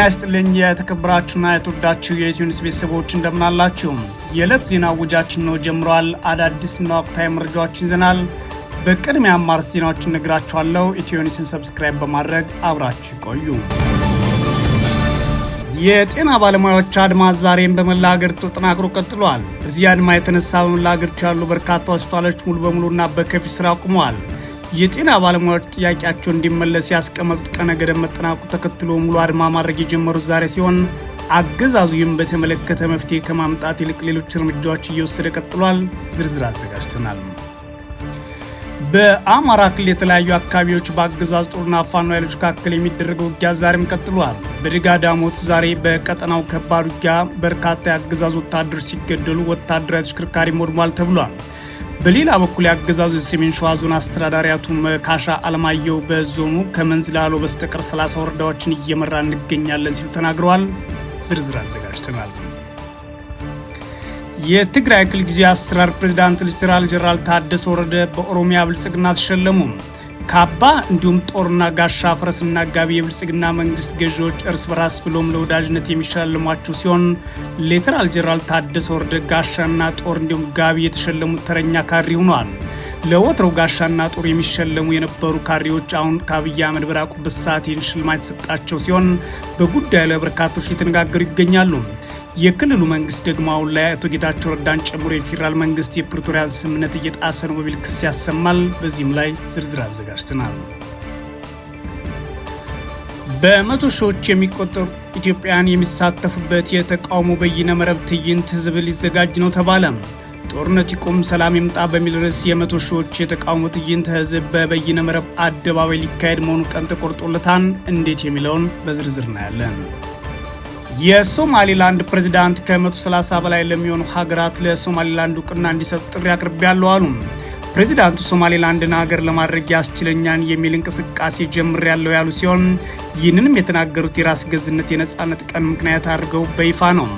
ጤና ይስጥልኝ የተከበራችሁና የተወዳችሁ የኢትዮ ቤተሰቦች እንደምናላችሁ። የዕለት ዜና ውጃችን ነው ጀምሯል። አዳዲስና ወቅታዊ መረጃዎችን ይዘናል። በቅድሚያ አማር ዜናዎችን ነግራችኋለሁ። ኢትዮኒስን ሰብስክራይብ በማድረግ አብራችሁ ይቆዩ። የጤና ባለሙያዎች አድማ ዛሬም በመላ ሀገሪቱ ተጠናክሮ ቀጥሏል። በዚህ አድማ የተነሳ በመላ ሀገሪቱ ያሉ በርካታ ሆስፒታሎች ሙሉ በሙሉና በከፊል ስራ አቁመዋል። የጤና ባለሙያዎች ጥያቄያቸው እንዲመለስ ያስቀመጡት ቀነ ገደብ መጠናቁ ተከትሎ ሙሉ አድማ ማድረግ የጀመሩት ዛሬ ሲሆን አገዛዙ ይህም በተመለከተ መፍትሄ ከማምጣት ይልቅ ሌሎች እርምጃዎች እየወሰደ ቀጥሏል። ዝርዝር አዘጋጅተናል። በአማራ ክልል የተለያዩ አካባቢዎች በአገዛዝ ጦርና ፋኖ ኃይሎች መካከል የሚደረገው ውጊያ ዛሬም ቀጥሏል። በድጋ ዳሞት ዛሬ በቀጠናው ከባድ ውጊያ በርካታ የአገዛዝ ወታደሮች ሲገደሉ ወታደራዊ ተሽከርካሪ ወድሟል ተብሏል። በሌላ በኩል የአገዛዙ የሰሜን ሸዋ ዞን አስተዳዳሪ አቶ መካሻ አለማየሁ በዞኑ ከመንዝ ላሎ በስተቀር 30 ወረዳዎችን እየመራ እንገኛለን ሲሉ ተናግረዋል። ዝርዝር አዘጋጅተናል። የትግራይ ክልል ጊዜያዊ አስተዳደር ፕሬዚዳንት ሌተናል ጄኔራል ታደሰ ወረደ በኦሮሚያ ብልጽግና ተሸለሙ። ካባ እንዲሁም ጦርና ጋሻ ፈረስና ጋቢ የብልጽግና መንግስት ገዢዎች እርስ በራስ ብሎም ለወዳጅነት የሚሸልሟቸው ሲሆን ሌተናል ጄኔራል ታደሰ ወረደ ጋሻና ጦር እንዲሁም ጋቢ የተሸለሙት ተረኛ ካሪ ሆኗል። ለወትሮው ጋሻና ጦር የሚሸለሙ የነበሩ ካሪዎች አሁን ከአብይ አህመድ በራቁበት ሰዓት ይህን ሽልማት የተሰጣቸው ሲሆን በጉዳዩ ላይ በርካቶች እየተነጋገሩ ይገኛሉ። የክልሉ መንግስት ደግሞ አሁን ላይ አቶ ጌታቸው ረዳን ጨምሮ የፌዴራል መንግስት የፕሪቶሪያ ስምምነት እየጣሰ ነው በሚል ክስ ያሰማል። በዚህም ላይ ዝርዝር አዘጋጅተናል። በመቶ ሺዎች የሚቆጠሩ ኢትዮጵያን የሚሳተፉበት የተቃውሞ በይነ መረብ ትዕይንት ህዝብ ሊዘጋጅ ነው ተባለ። ጦርነት ይቁም ሰላም ይምጣ በሚል ርዕስ የመቶ ሺዎች የተቃውሞ ትዕይንት ህዝብ በበይነ መረብ አደባባይ ሊካሄድ መሆኑ ቀን ተቆርጦለታን እንዴት የሚለውን በዝርዝር እናያለን። የሶማሊላንድ ፕሬዚዳንት ከ130 በላይ ለሚሆኑ ሀገራት ለሶማሊላንድ እውቅና እንዲሰጡ ጥሪ አቅርቤያለሁ አሉ። ፕሬዚዳንቱ ሶማሌላንድን ሀገር ለማድረግ ያስችለኛን የሚል እንቅስቃሴ ጀምር ያለው ያሉ ሲሆን ይህንንም የተናገሩት የራስ ገዝነት የነፃነት ቀን ምክንያት አድርገው በይፋ ነው።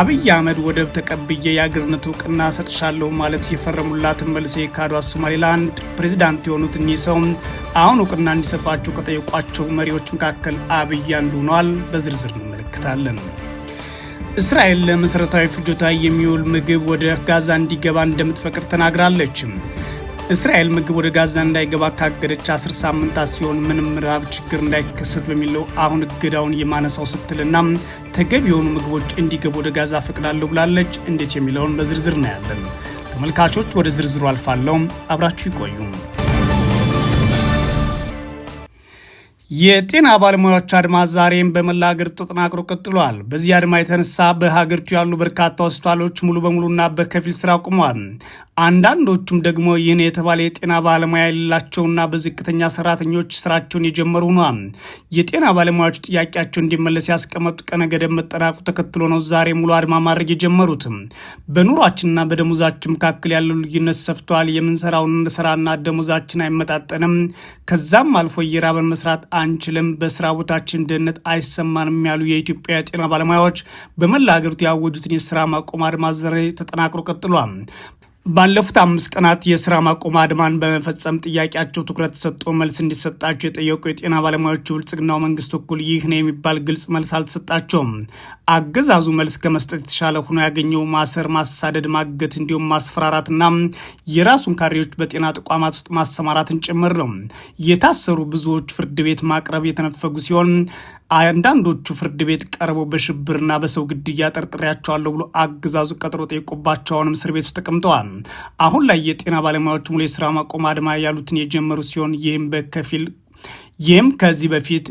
አብይ አህመድ ወደብ ተቀብዬ የአገርነት እውቅና ሰጥሻለሁ ማለት የፈረሙላትን መልሴ ካዷ ሶማሌላንድ ፕሬዚዳንት የሆኑት እኒህ ሰው አሁን እውቅና እንዲሰጧቸው ከጠየቋቸው መሪዎች መካከል አብይ አንዱ ሆኗል። በዝርዝር ነው። እንመለከታለን። እስራኤል ለመሠረታዊ ፍጆታ የሚውል ምግብ ወደ ጋዛ እንዲገባ እንደምትፈቅድ ተናግራለች። እስራኤል ምግብ ወደ ጋዛ እንዳይገባ ካገደች አስር ሳምንታት ሲሆን ምንም ረሃብ ችግር እንዳይከሰት በሚለው አሁን እገዳውን የማነሳው ስትልና ተገቢ የሆኑ ምግቦች እንዲገቡ ወደ ጋዛ ፈቅዳለሁ ብላለች። እንዴት የሚለውን በዝርዝር እናያለን። ተመልካቾች ወደ ዝርዝሩ አልፋለሁ፣ አብራችሁ ይቆዩ። የጤና ባለሙያዎች አድማ ዛሬም በመላ ሀገር ተጠናክሮ ቀጥሏል። በዚህ አድማ የተነሳ በሀገሪቱ ያሉ በርካታ ሆስፒታሎች ሙሉ በሙሉና በከፊል ስራ አቁመዋል። አንዳንዶቹም ደግሞ ይህን የተባለ የጤና ባለሙያ የሌላቸውና በዝቅተኛ ሰራተኞች ስራቸውን የጀመሩ ሆኗል። የጤና ባለሙያዎች ጥያቄያቸው እንዲመለስ ያስቀመጡ ቀነ ገደብ መጠናቁ ተከትሎ ነው ዛሬ ሙሉ አድማ ማድረግ የጀመሩት። በኑሯችንና በደሞዛችን መካከል ያለው ልዩነት ሰፍቷል። የምንሰራውን ስራና ደሞዛችን አይመጣጠንም። ከዛም አልፎ እየራበን መስራት አንችልም፣ በስራ ቦታችን ደህንነት አይሰማንም ያሉ የኢትዮጵያ ጤና ባለሙያዎች በመላ ሀገሪቱ ያወጁትን የስራ ማቆም አድማ ዛሬ ተጠናክሮ ቀጥሏል። ባለፉት አምስት ቀናት የስራ ማቆም አድማን በመፈጸም ጥያቄያቸው ትኩረት ተሰጥቶ መልስ እንዲሰጣቸው የጠየቁ የጤና ባለሙያዎች ብልጽግናው መንግስት እኩል ይህ ነው የሚባል ግልጽ መልስ አልተሰጣቸውም። አገዛዙ መልስ ከመስጠት የተሻለ ሆኖ ያገኘው ማሰር፣ ማሳደድ፣ ማገት እንዲሁም ማስፈራራትና የራሱን ካሬዎች በጤና ተቋማት ውስጥ ማሰማራትን ጭምር ነው። የታሰሩ ብዙዎች ፍርድ ቤት ማቅረብ የተነፈጉ ሲሆን አንዳንዶቹ ፍርድ ቤት ቀርበው በሽብርና በሰው ግድያ ጠርጥሬያቸዋለሁ ብሎ አገዛዙ ቀጥሮ ጠይቆባቸውንም እስር ቤት ውስጥ ተቀምጠዋል። አሁን ላይ የጤና ባለሙያዎች ሙሉ የስራ ማቆም አድማ ያሉትን የጀመሩ ሲሆን ይህም በከፊል ይህም ከዚህ በፊት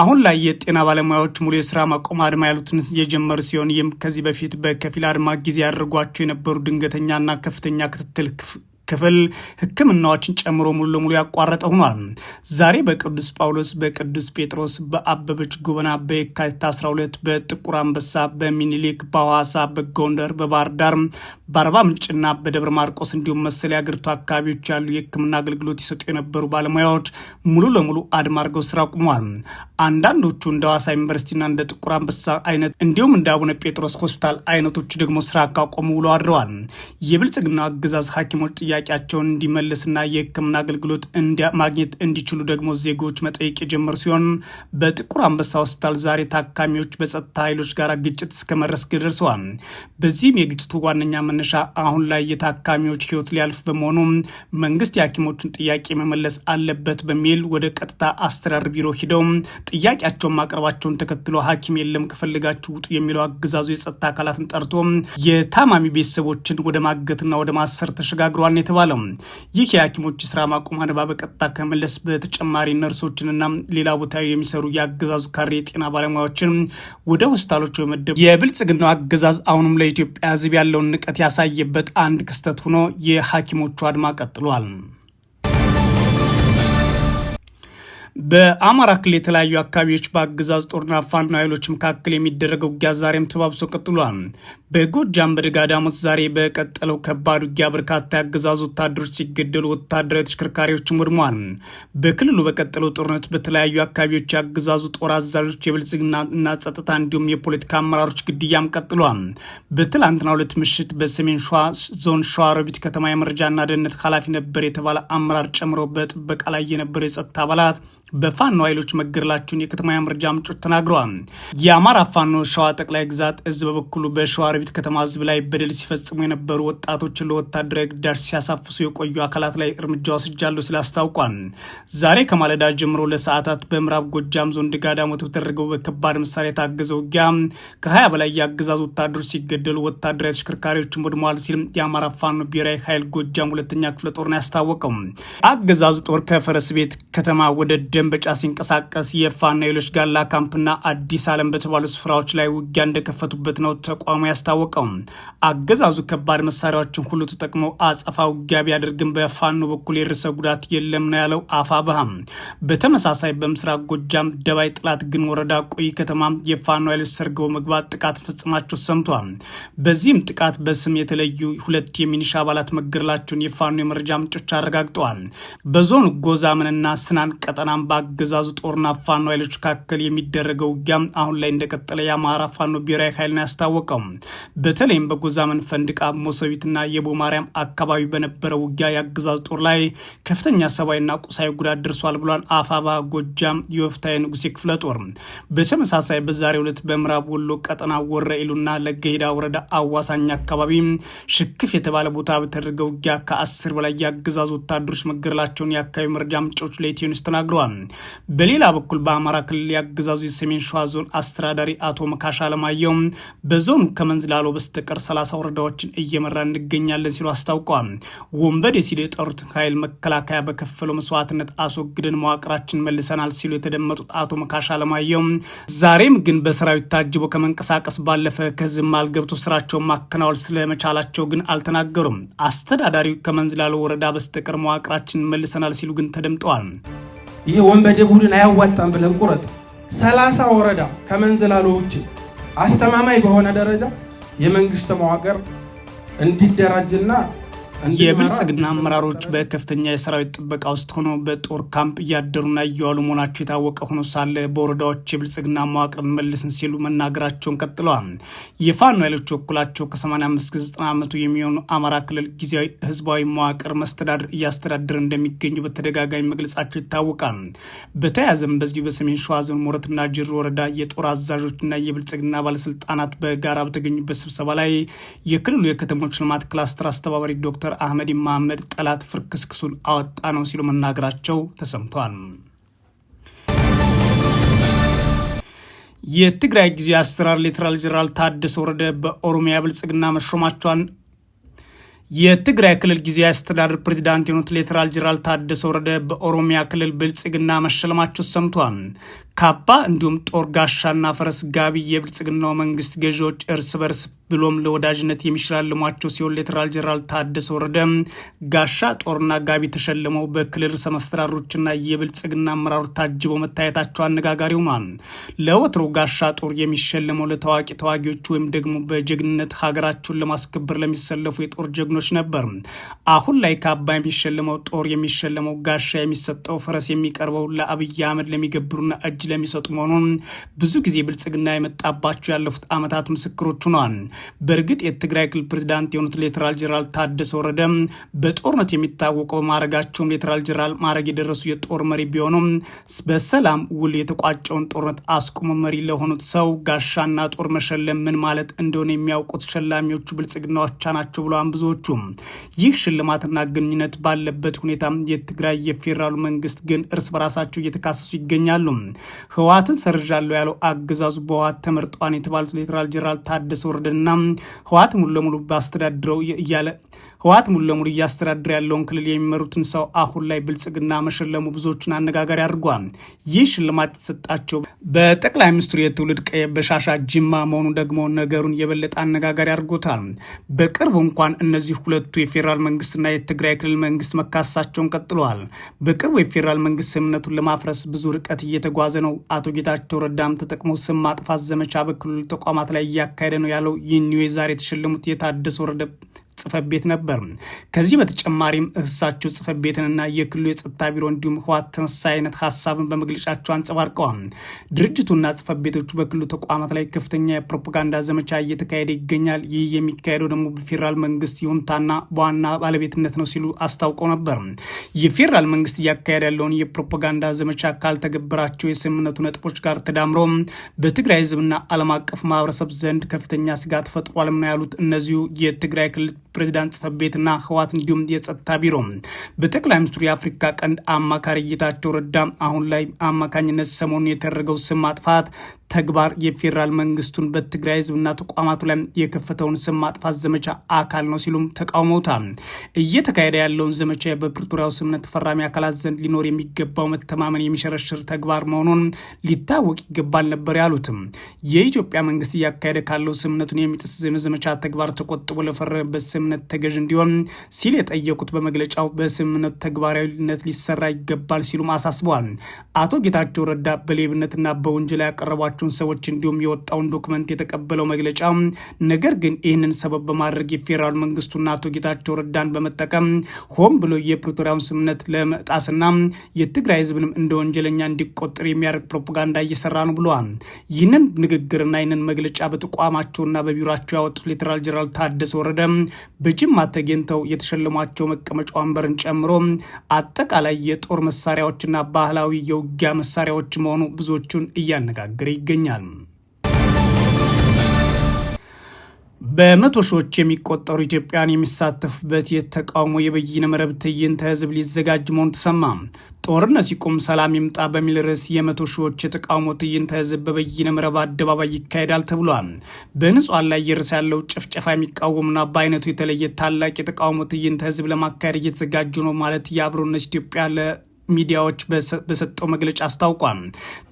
አሁን ላይ የጤና ባለሙያዎች ሙሉ የስራ ማቆም አድማ ያሉትን የጀመሩ ሲሆን ይህም ከዚህ በፊት በከፊል አድማ ጊዜ ያደርጓቸው የነበሩ ድንገተኛና ከፍተኛ ክትትል ክፍል ሕክምናዎችን ጨምሮ ሙሉ ለሙሉ ያቋረጠ ሆኗል። ዛሬ በቅዱስ ጳውሎስ፣ በቅዱስ ጴጥሮስ፣ በአበበች ጎበና፣ በየካቲት 12 በጥቁር አንበሳ፣ በሚኒሊክ፣ በሐዋሳ፣ በጎንደር፣ በባህር ዳር፣ በአርባ ምንጭና በደብረ ማርቆስ እንዲሁም መሰል የአገሪቱ አካባቢዎች ያሉ የሕክምና አገልግሎት ይሰጡ የነበሩ ባለሙያዎች ሙሉ ለሙሉ አድማ አድርገው ስራ አቁመዋል። አንዳንዶቹ እንደ ሐዋሳ ዩኒቨርሲቲና እንደ ጥቁር አንበሳ አይነት እንዲሁም እንደ አቡነ ጴጥሮስ ሆስፒታል አይነቶቹ ደግሞ ስራ አቋቁሞ ውሎ አድረዋል። የብልጽግና አገዛዝ ሐኪሞች ጥያቄያቸውን እንዲመልስና የሕክምና አገልግሎት ማግኘት እንዲችሉ ደግሞ ዜጎች መጠየቅ የጀመሩ ሲሆን በጥቁር አንበሳ ሆስፒታል ዛሬ ታካሚዎች በጸጥታ ኃይሎች ጋር ግጭት እስከ መድረስ ደርሰዋል። በዚህም የግጭቱ ዋነኛ መነሻ አሁን ላይ የታካሚዎች ህይወት ሊያልፍ በመሆኑ መንግስት የሐኪሞችን ጥያቄ መመለስ አለበት በሚል ወደ ቀጥታ አስተዳደር ቢሮ ሂደው ጥያቄያቸውን ማቅረባቸውን ተከትሎ ሐኪም የለም ከፈልጋችሁ ውጡ የሚለው አገዛዙ የጸጥታ አካላትን ጠርቶ የታማሚ ቤተሰቦችን ወደ ማገትና ወደ ማሰር ተሸጋግሯል የተባለው ይህ የሐኪሞች ስራ ማቆም አድማ በቀጥታ ከመለስ በተጨማሪ ነርሶችንና ሌላ ቦታ የሚሰሩ የአገዛዙ ካሬ የጤና ባለሙያዎችን ወደ ሆስፒታሎች በመደብ የብልጽግናው አገዛዝ አሁንም ለኢትዮጵያ ሕዝብ ያለውን ንቀት ያሳየበት አንድ ክስተት ሆኖ የሐኪሞቹ አድማ ቀጥሏል። በአማራ ክልል የተለያዩ አካባቢዎች በአገዛዝ ጦርና ፋኖ ኃይሎች መካከል የሚደረገው ውጊያ ዛሬም ተባብሶ ቀጥሏል። በጎጃም በደጋዳሞት ዛሬ በቀጠለው ከባድ ውጊያ በርካታ የአገዛዝ ወታደሮች ሲገደሉ፣ ወታደራዊ ተሽከርካሪዎችም ወድመዋል። በክልሉ በቀጠለው ጦርነት በተለያዩ አካባቢዎች የአገዛዙ ጦር አዛዦች፣ የብልጽግና እና ጸጥታ እንዲሁም የፖለቲካ አመራሮች ግድያም ቀጥሏል። በትላንትና ሁለት ምሽት በሰሜን ሸዋ ዞን ሸዋሮቢት ከተማ የመረጃና ደህንነት ኃላፊ ነበር የተባለ አመራር ጨምሮ በጥበቃ ላይ የነበረው የጸጥታ አባላት በፋኖ ኃይሎች መገደላቸውን የከተማ መረጃ ምንጮች ተናግረዋል። የአማራ ፋኖ ሸዋ ጠቅላይ ግዛት እዝ በበኩሉ በሸዋ በሸዋሮቢት ከተማ ህዝብ ላይ በደል ሲፈጽሙ የነበሩ ወጣቶችን ለወታደራዊ ግዳጅ ሲያሳፍሱ የቆዩ አካላት ላይ እርምጃ ወስጃለሁ ሲል አስታውቋል። ዛሬ ከማለዳ ጀምሮ ለሰዓታት በምዕራብ ጎጃም ዞን ደጋዳሞት በተደረገው በከባድ መሳሪያ የታገዘ ውጊያ ከሀያ በላይ የአገዛዝ ወታደሮች ሲገደሉ ወታደራዊ ተሽከርካሪዎችን ወድመዋል ሲል የአማራ ፋኖ ብሔራዊ ኃይል ጎጃም ሁለተኛ ክፍለ ጦርን ያስታወቀው አገዛዝ ጦር ከፈረስ ቤት ከተማ ወደ ደንበጫ ሲንቀሳቀስ የፋና ሌሎች ጋላ ካምፕና አዲስ አለም በተባሉ ስፍራዎች ላይ ውጊያ እንደከፈቱበት ነው ተቋሙ ያስታወቀው። አገዛዙ ከባድ መሳሪያዎችን ሁሉ ተጠቅሞ አጸፋ ውጊያ ቢያደርግም በፋኖ በኩል የደረሰ ጉዳት የለም ነው ያለው አፋብኃም። በተመሳሳይ በምስራቅ ጎጃም ደባይ ጥላት ግን ወረዳ ቆይ ከተማ የፋኖ ኃይሎች ሰርገው መግባት ጥቃት ፈጽማቸው ሰምቷል። በዚህም ጥቃት በስም የተለዩ ሁለት የሚኒሻ አባላት መገደላቸውን የፋኖ የመረጃ ምንጮች አረጋግጠዋል። በዞኑ ጎዛምንና ስናን ቀጠናም በአገዛዙ ጦርና ፋኖ ኃይሎች መካከል የሚደረገው ውጊያ አሁን ላይ እንደቀጠለ የአማራ ፋኖ ብሔራዊ ኃይል ነው ያስታወቀው። በተለይም በጎዛመን ፈንድቃ፣ ሞሰቢትና የቦ ማርያም አካባቢ በነበረው ውጊያ የአገዛዙ ጦር ላይ ከፍተኛ ሰብአዊና ቁሳዊ ጉዳት ደርሷል ብሏል። አፋባ ጎጃም የወፍታዊ ንጉሴ ክፍለ ጦር በተመሳሳይ በዛሬው ዕለት በምዕራብ ወሎ ቀጠና ወረ ለገሄዳ ወረዳ አዋሳኝ አካባቢ ሽክፍ የተባለ ቦታ በተደረገ ውጊያ ከአስር በላይ የአገዛዙ ወታደሮች መገደላቸውን የአካባቢ መረጃ ምንጮች ለኢትዮኒውስ ተናግረዋል። በሌላ በኩል በአማራ ክልል ያገዛዙ የሰሜን ሸዋ ዞን አስተዳዳሪ አቶ መካሻ አለማየሁ በዞኑ ከመንዝ ላሎ በስተቀር ሰላሳ ወረዳዎችን እየመራ እንገኛለን ሲሉ አስታውቀዋል። ወንበዴ ሲሉ የጠሩትን ኃይል መከላከያ በከፈለው መስዋዕትነት አስወግደን መዋቅራችን መልሰናል ሲሉ የተደመጡት አቶ መካሻ አለማየሁ ዛሬም ግን በሰራዊት ታጅቦ ከመንቀሳቀስ ባለፈ ከህዝብ መሃል ገብቶ ስራቸውን ማከናወል ስለመቻላቸው ግን አልተናገሩም። አስተዳዳሪው ከመንዝ ላሎ ወረዳ በስተቀር መዋቅራችን መልሰናል ሲሉ ግን ተደምጠዋል። ይሄ ወንበዴ ቡድን አያዋጣም ብለን ቁረጥ። ሰላሳ ወረዳ ከመንዝላሎ ውጭ አስተማማኝ በሆነ ደረጃ የመንግስት መዋቅር እንዲደራጅና የብልጽግና አመራሮች በከፍተኛ የሰራዊት ጥበቃ ውስጥ ሆኖ በጦር ካምፕ እያደሩና እየዋሉ መሆናቸው የታወቀ ሆኖ ሳለ በወረዳዎች የብልጽግና መዋቅር መልስን ሲሉ መናገራቸውን ቀጥለዋል። የፋኖ ኃይሎች በኩላቸው ከ85 90 ዓመቱ የሚሆኑ አማራ ክልል ጊዜያዊ ህዝባዊ መዋቅር መስተዳድር እያስተዳደረ እንደሚገኙ በተደጋጋሚ መግለጻቸው ይታወቃል። በተያያዘም በዚሁ በሰሜን ሸዋ ዞን ሞረትና ጅሩ ወረዳ የጦር አዛዦችና የብልጽግና ባለስልጣናት በጋራ በተገኙበት ስብሰባ ላይ የክልሉ የከተሞች ልማት ክላስተር አስተባባሪ ዶክተር ዶክተር አህመድ መሐመድ ጠላት ፍርክስክሱን አወጣ ነው ሲሉ መናገራቸው ተሰምቷል። የትግራይ ጊዜ አሰራር ሌተናል ጀነራል ታደሰ ወረደ በኦሮሚያ ብልጽግና መሾማቸውን የትግራይ ክልል ጊዜያዊ አስተዳደር ፕሬዚዳንት የሆኑት ሌተናል ጀነራል ታደሰ ወረደ በኦሮሚያ ክልል ብልጽግና መሸለማቸው ሰምቷል። ካባ እንዲሁም ጦር ጋሻና ፈረስ ጋቢ የብልጽግናው መንግስት ገዢዎች እርስ በርስ ብሎም ለወዳጅነት የሚሸላልሟቸው ሲሆን ሌተናል ጄኔራል ታደሰ ወረደ ጋሻ ጦርና ጋቢ ተሸልመው በክልል ርዕሰ መስተዳድሮችና የብልጽግና አመራሮች ታጅበው መታየታቸው አነጋጋሪ ሆኗል። ለወትሮ ጋሻ ጦር የሚሸለመው ለታዋቂ ተዋጊዎች ወይም ደግሞ በጀግንነት ሀገራቸውን ለማስከበር ለሚሰለፉ የጦር ጀግኖች ነበር። አሁን ላይ ካባ የሚሸለመው ጦር የሚሸለመው ጋሻ የሚሰጠው ፈረስ የሚቀርበው ለአብይ አህመድ ለሚገብሩና እጅ ስለሚሰጡ መሆኑን ብዙ ጊዜ ብልጽግና የመጣባቸው ያለፉት ዓመታት ምስክሮች ሆኗል። በእርግጥ የትግራይ ክልል ፕሬዚዳንት የሆኑት ሌተናል ጄኔራል ታደሰ ወረደ በጦርነት የሚታወቁ በማድረጋቸውም ሌተናል ጄኔራል ማድረግ የደረሱ የጦር መሪ ቢሆኑም በሰላም ውል የተቋጨውን ጦርነት አስቁሞ መሪ ለሆኑት ሰው ጋሻና ጦር መሸለም ምን ማለት እንደሆነ የሚያውቁት ሸላሚዎቹ ብልጽግናዎቻ ናቸው ብለዋን ብዙዎቹ። ይህ ሽልማትና ግንኙነት ባለበት ሁኔታ የትግራይ የፌዴራሉ መንግስት ግን እርስ በራሳቸው እየተካሰሱ ይገኛሉ። ህወሓትን ሰርዣለሁ ያለው አገዛዙ በህወሓት ተመርጧን የተባሉት ሌተናል ጄኔራል ታደሰ ወረደና ህወሓት ሙሉ ለሙሉ ባስተዳድረው እያለ ህወሓት ሙሉ ለሙሉ እያስተዳደረ ያለውን ክልል የሚመሩትን ሰው አሁን ላይ ብልጽግና መሸለሙ ብዙዎቹን አነጋጋሪ አድርጓል። ይህ ሽልማት የተሰጣቸው በጠቅላይ ሚኒስትሩ የትውልድ ቀዬ በሻሻ ጅማ መሆኑ ደግሞ ነገሩን የበለጠ አነጋጋሪ አድርጎታል። በቅርቡ እንኳን እነዚህ ሁለቱ የፌዴራል መንግስትና የትግራይ ክልል መንግስት መካሳቸውን ቀጥለዋል። በቅርቡ የፌዴራል መንግስት ስምምነቱን ለማፍረስ ብዙ ርቀት እየተጓዘ ነው። አቶ ጌታቸው ረዳም ተጠቅሞ ስም ማጥፋት ዘመቻ በክልል ተቋማት ላይ እያካሄደ ነው ያለው ይህን የዛሬ የተሸለሙት የታደሰ ወረደ ጽፈት ቤት ነበር። ከዚህ በተጨማሪም እሳቸው ጽፈት ቤትንና የክልሉ የጸጥታ ቢሮ እንዲሁም ህወሓት ተመሳሳይ አይነት ሀሳብን በመግለጫቸው አንጸባርቀዋል። ድርጅቱና ጽፈት ቤቶቹ በክልሉ ተቋማት ላይ ከፍተኛ የፕሮፓጋንዳ ዘመቻ እየተካሄደ ይገኛል። ይህ የሚካሄደው ደግሞ በፌዴራል መንግስት ይሁንታና በዋና ባለቤትነት ነው ሲሉ አስታውቀው ነበር። የፌዴራል መንግስት እያካሄደ ያለውን የፕሮፓጋንዳ ዘመቻ ካልተገበራቸው የስምምነቱ ነጥቦች ጋር ተዳምሮ በትግራይ ህዝብና ዓለም አቀፍ ማህበረሰብ ዘንድ ከፍተኛ ስጋት ፈጥሯልም ነው ያሉት እነዚሁ የትግራይ ክልል ፕሬዚዳንት ጽፈት ቤትና ህዋት እንዲሁም የጸጥታ ቢሮ በጠቅላይ ሚኒስትሩ የአፍሪካ ቀንድ አማካሪ ጌታቸው ረዳ አሁን ላይ አማካኝነት ሰሞኑን የተደረገው ስም ማጥፋት ተግባር የፌዴራል መንግስቱን በትግራይ ህዝብና ተቋማቱ ላይ የከፈተውን ስም ማጥፋት ዘመቻ አካል ነው ሲሉም ተቃውመውታል። እየተካሄደ ያለውን ዘመቻ በፕሪቶሪያው ስምምነት ፈራሚ አካላት ዘንድ ሊኖር የሚገባው መተማመን የሚሸረሽር ተግባር መሆኑን ሊታወቅ ይገባል ነበር ያሉትም የኢትዮጵያ መንግስት እያካሄደ ካለው ስምምነቱን የሚጥስ ዘመቻ ተግባር ተቆጥቦ ለፈረመበት ስምምነት ተገዥ እንዲሆን ሲል የጠየቁት በመግለጫው በስምምነቱ ተግባራዊነት ሊሰራ ይገባል ሲሉም አሳስበዋል። አቶ ጌታቸው ረዳ በሌብነትና በወንጀል ያቀረቧቸውን ሰዎች እንዲሁም የወጣውን ዶክመንት የተቀበለው መግለጫ ነገር ግን ይህንን ሰበብ በማድረግ የፌዴራል መንግስቱና አቶ ጌታቸው ረዳን በመጠቀም ሆን ብሎ የፕሪቶሪያውን ስምምነት ለመጣስና የትግራይ ህዝብንም እንደ ወንጀለኛ እንዲቆጠር የሚያደርግ ፕሮፓጋንዳ እየሰራ ነው ብለዋል። ይህንን ንግግርና ይህንን መግለጫ በተቋማቸውና በቢሮቸው ያወጡት ሌተናል ጀነራል ታደሰ ወረደ በጅማ ተገኝተው የተሸለሟቸው መቀመጫ ወንበርን ጨምሮ አጠቃላይ የጦር መሳሪያዎችና ባህላዊ የውጊያ መሳሪያዎች መሆኑ ብዙዎቹን እያነጋገረ ይገኛል። በመቶ ሺዎች የሚቆጠሩ ኢትዮጵያን የሚሳተፉበት የተቃውሞ የበይነ መረብ ትዕይንተ ህዝብ ሊዘጋጅ መሆኑ ተሰማ። ጦርነት ሲቆም ሰላም ይምጣ በሚል ርዕስ የመቶ ሺዎች የተቃውሞ ትዕይንተ ህዝብ በበይነ መረብ አደባባይ ይካሄዳል ተብሏል። በንጹሐን ላይ እየደረሰ ያለው ጭፍጨፋ የሚቃወሙና በአይነቱ የተለየ ታላቅ የተቃውሞ ትዕይንተ ህዝብ ለማካሄድ እየተዘጋጁ ነው ማለት የአብሮነት ኢትዮጵያ ለ ሚዲያዎች በሰጠው መግለጫ አስታውቋል።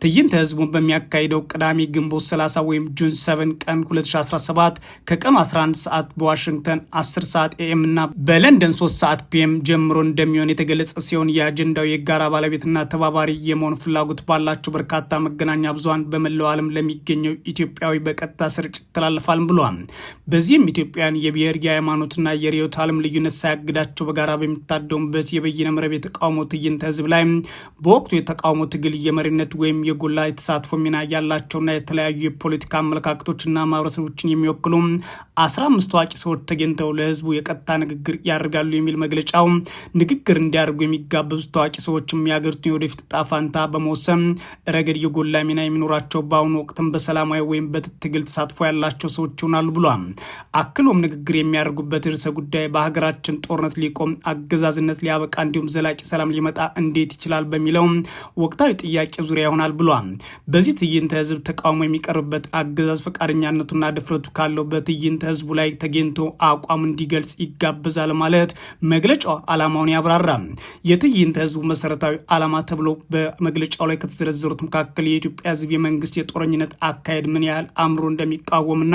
ትዕይንተ ህዝቡን በሚያካሂደው ቅዳሜ ግንቦት 30 ወይም ጁን 7 ቀን 2017 ከቀኑ 11 ሰዓት በዋሽንግተን 10 ሰዓት ኤኤም እና በለንደን 3 ሰዓት ፒኤም ጀምሮ እንደሚሆን የተገለጸ ሲሆን የአጀንዳው የጋራ ባለቤትና ተባባሪ የመሆን ፍላጎት ባላቸው በርካታ መገናኛ ብዙሀን በመላው ዓለም ለሚገኘው ኢትዮጵያዊ በቀጥታ ስርጭት ይተላለፋል ብሏል። በዚህም ኢትዮጵያን የብሔር የሃይማኖትና የርዕዮተ ዓለም ልዩነት ሳያግዳቸው በጋራ በሚታደሙበት የበይነ መረብ የተቃውሞ ትዕይንተ ህዝብ ላይ በወቅቱ የተቃውሞ ትግል የመሪነት ወይም የጎላ የተሳትፎ ሚና ያላቸውና የተለያዩ የፖለቲካ አመለካከቶችና ማህበረሰቦችን የሚወክሉ አስራ አምስት ታዋቂ ሰዎች ተገኝተው ለህዝቡ የቀጥታ ንግግር ያደርጋሉ የሚል መግለጫው ንግግር እንዲያደርጉ የሚጋበዙ ታዋቂ ሰዎችም የሀገሪቱን የወደፊት ዕጣ በመወሰን ረገድ የጎላ ሚና የሚኖራቸው በአሁኑ ወቅትም በሰላማዊ ወይም በትግል ተሳትፎ ያላቸው ሰዎች ይሆናሉ ብሏል። አክሎም ንግግር የሚያደርጉበት ርዕሰ ጉዳይ በሀገራችን ጦርነት ሊቆም፣ አገዛዝነት ሊያበቃ እንዲሁም ዘላቂ ሰላም ሊመጣ እንዲ እንዴት ይችላል በሚለው ወቅታዊ ጥያቄ ዙሪያ ይሆናል ብሏል። በዚህ ትዕይንተ ህዝብ ተቃውሞ የሚቀርብበት አገዛዝ ፈቃደኛነቱና ድፍረቱ ካለው በትዕይንተ ህዝቡ ላይ ተገኝቶ አቋም እንዲገልጽ ይጋበዛል ማለት መግለጫው አላማውን ያብራራል። የትዕይንተ ህዝቡ መሰረታዊ አላማ ተብሎ በመግለጫው ላይ ከተዘረዘሩት መካከል የኢትዮጵያ ህዝብ የመንግስት የጦረኝነት አካሄድ ምን ያህል አእምሮ እንደሚቃወምና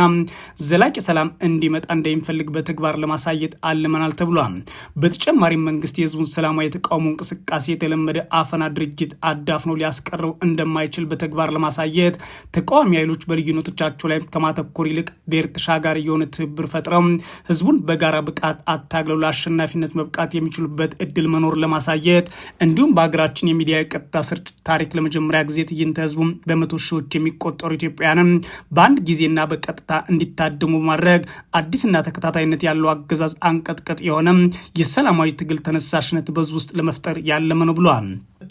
ዘላቂ ሰላም እንዲመጣ እንደሚፈልግ በተግባር ለማሳየት አልመናል ተብሏል። በተጨማሪም መንግስት የህዝቡን ሰላማዊ የተቃውሞ እንቅስቃሴ የተለመደ አፈና ድርጊት አዳፍኖ ሊያስቀረው እንደማይችል በተግባር ለማሳየት ተቃዋሚ ኃይሎች በልዩነቶቻቸው ላይ ከማተኮር ይልቅ ብሔር ተሻጋሪ የሆነ ትብብር ፈጥረው ህዝቡን በጋራ ብቃት አታግለው ለአሸናፊነት መብቃት የሚችሉበት እድል መኖር ለማሳየት እንዲሁም በሀገራችን የሚዲያ የቀጥታ ስርጭት ታሪክ ለመጀመሪያ ጊዜ ትዕይንተ ህዝቡ በመቶ ሺዎች የሚቆጠሩ ኢትዮጵያውያንም በአንድ ጊዜና በቀጥታ እንዲታደሙ በማድረግ አዲስና ተከታታይነት ያለው አገዛዝ አንቀጥቀጥ የሆነ የሰላማዊ ትግል ተነሳሽነት በህዝብ ውስጥ ለመፍጠር ያለመ ነው ብሏል።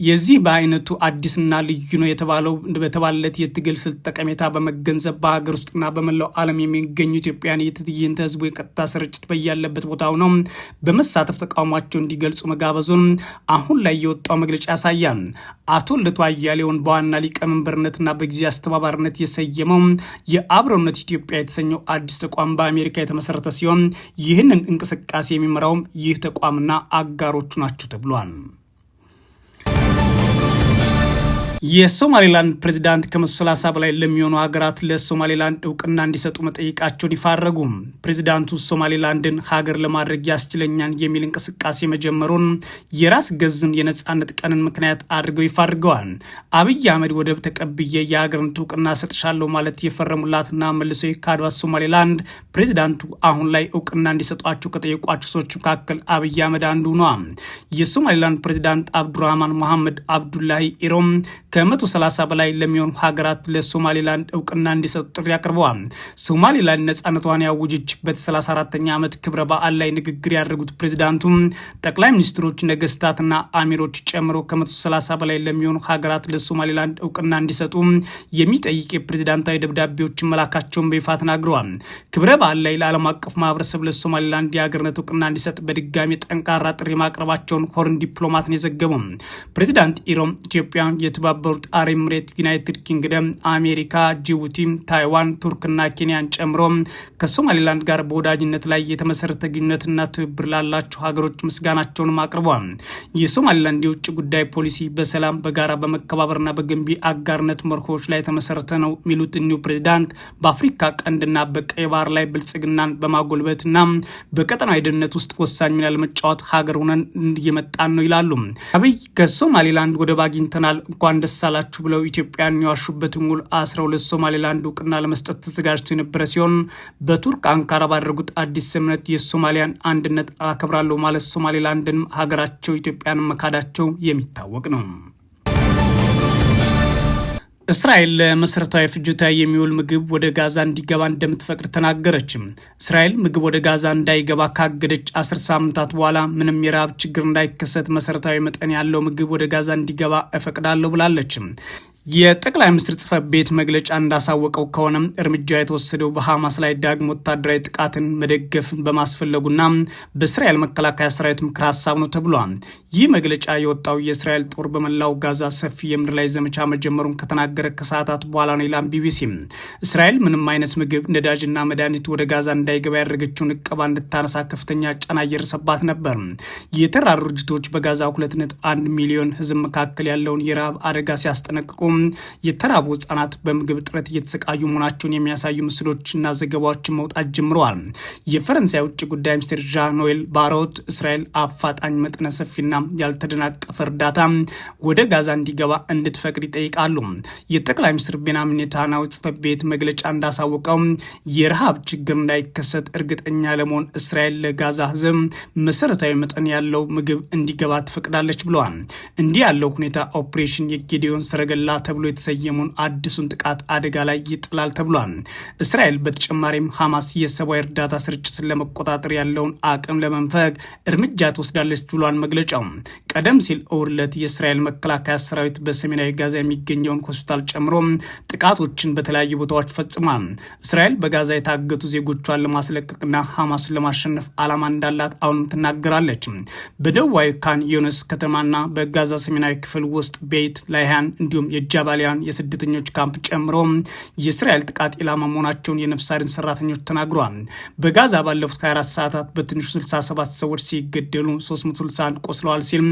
የዚህ በአይነቱ አዲስና ልዩ ነው የተባለው በተባለት የትግል ስልት ጠቀሜታ በመገንዘብ በሀገር ውስጥና በመላው ዓለም የሚገኙ ኢትዮጵያን የትዕይንተ ህዝቡ የቀጥታ ስርጭት በያለበት ቦታው ነው በመሳተፍ ተቃውሟቸው እንዲገልጹ መጋበዙን አሁን ላይ የወጣው መግለጫ ያሳያል። አቶ ልደቱ አያሌውን በዋና ሊቀመንበርነትና በጊዜ አስተባባሪነት የሰየመው የአብሮነት ኢትዮጵያ የተሰኘው አዲስ ተቋም በአሜሪካ የተመሰረተ ሲሆን ይህንን እንቅስቃሴ የሚመራውም ይህ ተቋምና አጋሮቹ ናቸው ተብሏል። የሶማሌላንድ ፕሬዚዳንት ከመቶ ሰላሳ በላይ ለሚሆኑ ሀገራት ለሶማሌላንድ እውቅና እንዲሰጡ መጠየቃቸውን ይፋ አደረጉ። ፕሬዚዳንቱ ሶማሌላንድን ሀገር ለማድረግ ያስችለኛል የሚል እንቅስቃሴ መጀመሩን የራስ ገዝን የነጻነት ቀንን ምክንያት አድርገው ይፋ አድርገዋል። አብይ አህመድ ወደብ ተቀብዬ የሀገርን እውቅና ሰጥሻለሁ ማለት የፈረሙላትና መልሶ የካዷት ሶማሌላንድ ፕሬዚዳንቱ አሁን ላይ እውቅና እንዲሰጧቸው ከጠየቋቸው ሰዎች መካከል አብይ አህመድ አንዱ ነ የሶማሌላንድ ፕሬዚዳንት አብዱራህማን መሐመድ አብዱላሂ ኢሮም ከ130 በላይ ለሚሆኑ ሀገራት ለሶማሌላንድ እውቅና እንዲሰጡ ጥሪ አቅርበዋል። ሶማሌላንድ ነጻነቷን ያወጀችበት 34ተኛ ዓመት ክብረ በዓል ላይ ንግግር ያደረጉት ፕሬዚዳንቱም ጠቅላይ ሚኒስትሮች፣ ነገስታትና አሚሮች ጨምሮ ከ130 በላይ ለሚሆኑ ሀገራት ለሶማሌላንድ እውቅና እንዲሰጡ የሚጠይቅ የፕሬዚዳንታዊ ደብዳቤዎችን መላካቸውን በይፋ ተናግረዋል። ክብረ በዓል ላይ ለዓለም አቀፍ ማህበረሰብ ለሶማሌላንድ የሀገርነት እውቅና እንዲሰጥ በድጋሚ ጠንካራ ጥሪ ማቅረባቸውን ሆርን ዲፕሎማት ነው የዘገቡ ፕሬዚዳንት ኢሮም ኢትዮጵያ የተባ የተባበሩት አረብ ኤምሬት፣ ዩናይትድ ኪንግደም፣ አሜሪካ፣ ጅቡቲ፣ ታይዋን፣ ቱርክና ኬንያን ጨምሮ ከሶማሌላንድ ጋር በወዳጅነት ላይ የተመሰረተ ግንኙነትና ትብብር ላላቸው ሀገሮች ምስጋናቸውንም አቅርበዋል። የሶማሌላንድ የውጭ ጉዳይ ፖሊሲ በሰላም በጋራ በመከባበርና በገንቢ አጋርነት መርሆች ላይ የተመሰረተ ነው የሚሉት እኒሁ ፕሬዚዳንት በአፍሪካ ቀንድና በቀይ ባህር ላይ ብልጽግናን በማጎልበትና በቀጠናዊ ደህንነት ውስጥ ወሳኝ ሚና ለመጫወት ሀገር ሆነን እየመጣን ነው ይላሉ። አብይ ከሶማሌላንድ ወደብ አግኝተናል እንኳን ደስ አላችሁ ብለው ኢትዮጵያን የዋሹበትን ውል አስራ ሁለት ሶማሌላንድ እውቅና ለመስጠት ተዘጋጅቶ የነበረ ሲሆን በቱርክ አንካራ ባደረጉት አዲስ ስምምነት የሶማሊያን አንድነት አከብራለሁ ማለት ሶማሌላንድን ሀገራቸው ኢትዮጵያን መካዳቸው የሚታወቅ ነው። እስራኤል መሰረታዊ ፍጆታ የሚውል ምግብ ወደ ጋዛ እንዲገባ እንደምትፈቅድ ተናገረችም። እስራኤል ምግብ ወደ ጋዛ እንዳይገባ ካገደች አስር ሳምንታት በኋላ ምንም የረሃብ ችግር እንዳይከሰት መሰረታዊ መጠን ያለው ምግብ ወደ ጋዛ እንዲገባ እፈቅዳለሁ ብላለችም። የጠቅላይ ሚኒስትር ጽህፈት ቤት መግለጫ እንዳሳወቀው ከሆነ እርምጃ የተወሰደው በሐማስ ላይ ዳግም ወታደራዊ ጥቃትን መደገፍ በማስፈለጉና በእስራኤል መከላከያ ሰራዊት ምክር ሀሳብ ነው ተብሏል። ይህ መግለጫ የወጣው የእስራኤል ጦር በመላው ጋዛ ሰፊ የምድር ላይ ዘመቻ መጀመሩን ከተናገረ ከሰዓታት በኋላ ነው ይላል ቢቢሲ። እስራኤል ምንም አይነት ምግብ፣ ነዳጅና መድኃኒት ወደ ጋዛ እንዳይገባ ያደረገችውን እቀባ እንድታነሳ ከፍተኛ ጫና እየደረሰባት ነበር። የተራሩ ድርጅቶች በጋዛ 2.1 ሚሊዮን ህዝብ መካከል ያለውን የረሃብ አደጋ ሲያስጠነቅቁ የተራቡ ህጻናት በምግብ እጥረት እየተሰቃዩ መሆናቸውን የሚያሳዩ ምስሎችና ዘገባዎችን መውጣት ጀምረዋል። የፈረንሳይ ውጭ ጉዳይ ሚኒስትር ዣን ኖኤል ባሮት እስራኤል አፋጣኝ መጠነ ሰፊና ያልተደናቀፈ እርዳታ ወደ ጋዛ እንዲገባ እንድትፈቅድ ይጠይቃሉ። የጠቅላይ ሚኒስትር ቤንያሚን ኔታንያሁ ጽሕፈት ቤት መግለጫ እንዳሳወቀው የረሃብ ችግር እንዳይከሰት እርግጠኛ ለመሆን እስራኤል ለጋዛ ህዝብ መሰረታዊ መጠን ያለው ምግብ እንዲገባ ትፈቅዳለች ብለዋል። እንዲህ ያለው ሁኔታ ኦፕሬሽን የጌዲዮን ሰረገላ ተብሎ የተሰየሙን አዲሱን ጥቃት አደጋ ላይ ይጥላል ተብሏል። እስራኤል በተጨማሪም ሐማስ የሰብአዊ እርዳታ ስርጭትን ለመቆጣጠር ያለውን አቅም ለመንፈግ እርምጃ ትወስዳለች ብሏል መግለጫው። ቀደም ሲል እሁድ ዕለት የእስራኤል መከላከያ ሰራዊት በሰሜናዊ ጋዛ የሚገኘውን ሆስፒታል ጨምሮ ጥቃቶችን በተለያዩ ቦታዎች ፈጽሟል። እስራኤል በጋዛ የታገቱ ዜጎቿን ለማስለቀቅና ሐማስን ለማሸነፍ ዓላማ እንዳላት አሁንም ትናገራለች። በደቡባዊ ካን ዮነስ ከተማና በጋዛ ሰሜናዊ ክፍል ውስጥ ቤት ላሂያን እንዲሁም ጃባሊያን የስደተኞች ካምፕ ጨምሮ የእስራኤል ጥቃት ኢላማ መሆናቸውን የነፍስ አድን ሰራተኞች ተናግረዋል። በጋዛ ባለፉት 24 ሰዓታት በትንሹ 67 ሰዎች ሲገደሉ 361 ቆስለዋል ሲል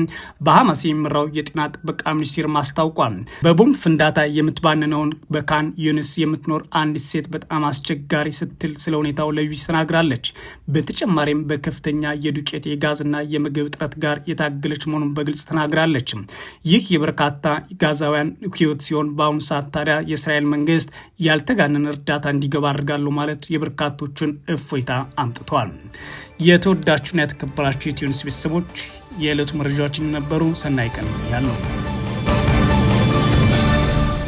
በሐማስ የሚመራው የጤና ጥበቃ ሚኒስቴር ማስታውቋል። በቦምብ ፍንዳታ የምትባንነውን በካን ዩኒስ የምትኖር አንዲት ሴት በጣም አስቸጋሪ ስትል ስለ ሁኔታው ለቢቢሲ ተናግራለች። በተጨማሪም በከፍተኛ የዱቄት የጋዝና የምግብ እጥረት ጋር የታገለች መሆኑን በግልጽ ተናግራለች። ይህ የበርካታ ጋዛውያን ያዩት ሲሆን በአሁኑ ሰዓት ታዲያ የእስራኤል መንግስት ያልተጋነን እርዳታ እንዲገባ አድርጋለሁ ማለት የበርካቶችን እፎይታ አምጥቷል። የተወዳችሁና የተከበራችሁ የኢትዮ ኒውስ ቤተሰቦች የዕለቱ መረጃዎችን ነበሩ። ሰናይ ቀን ያለው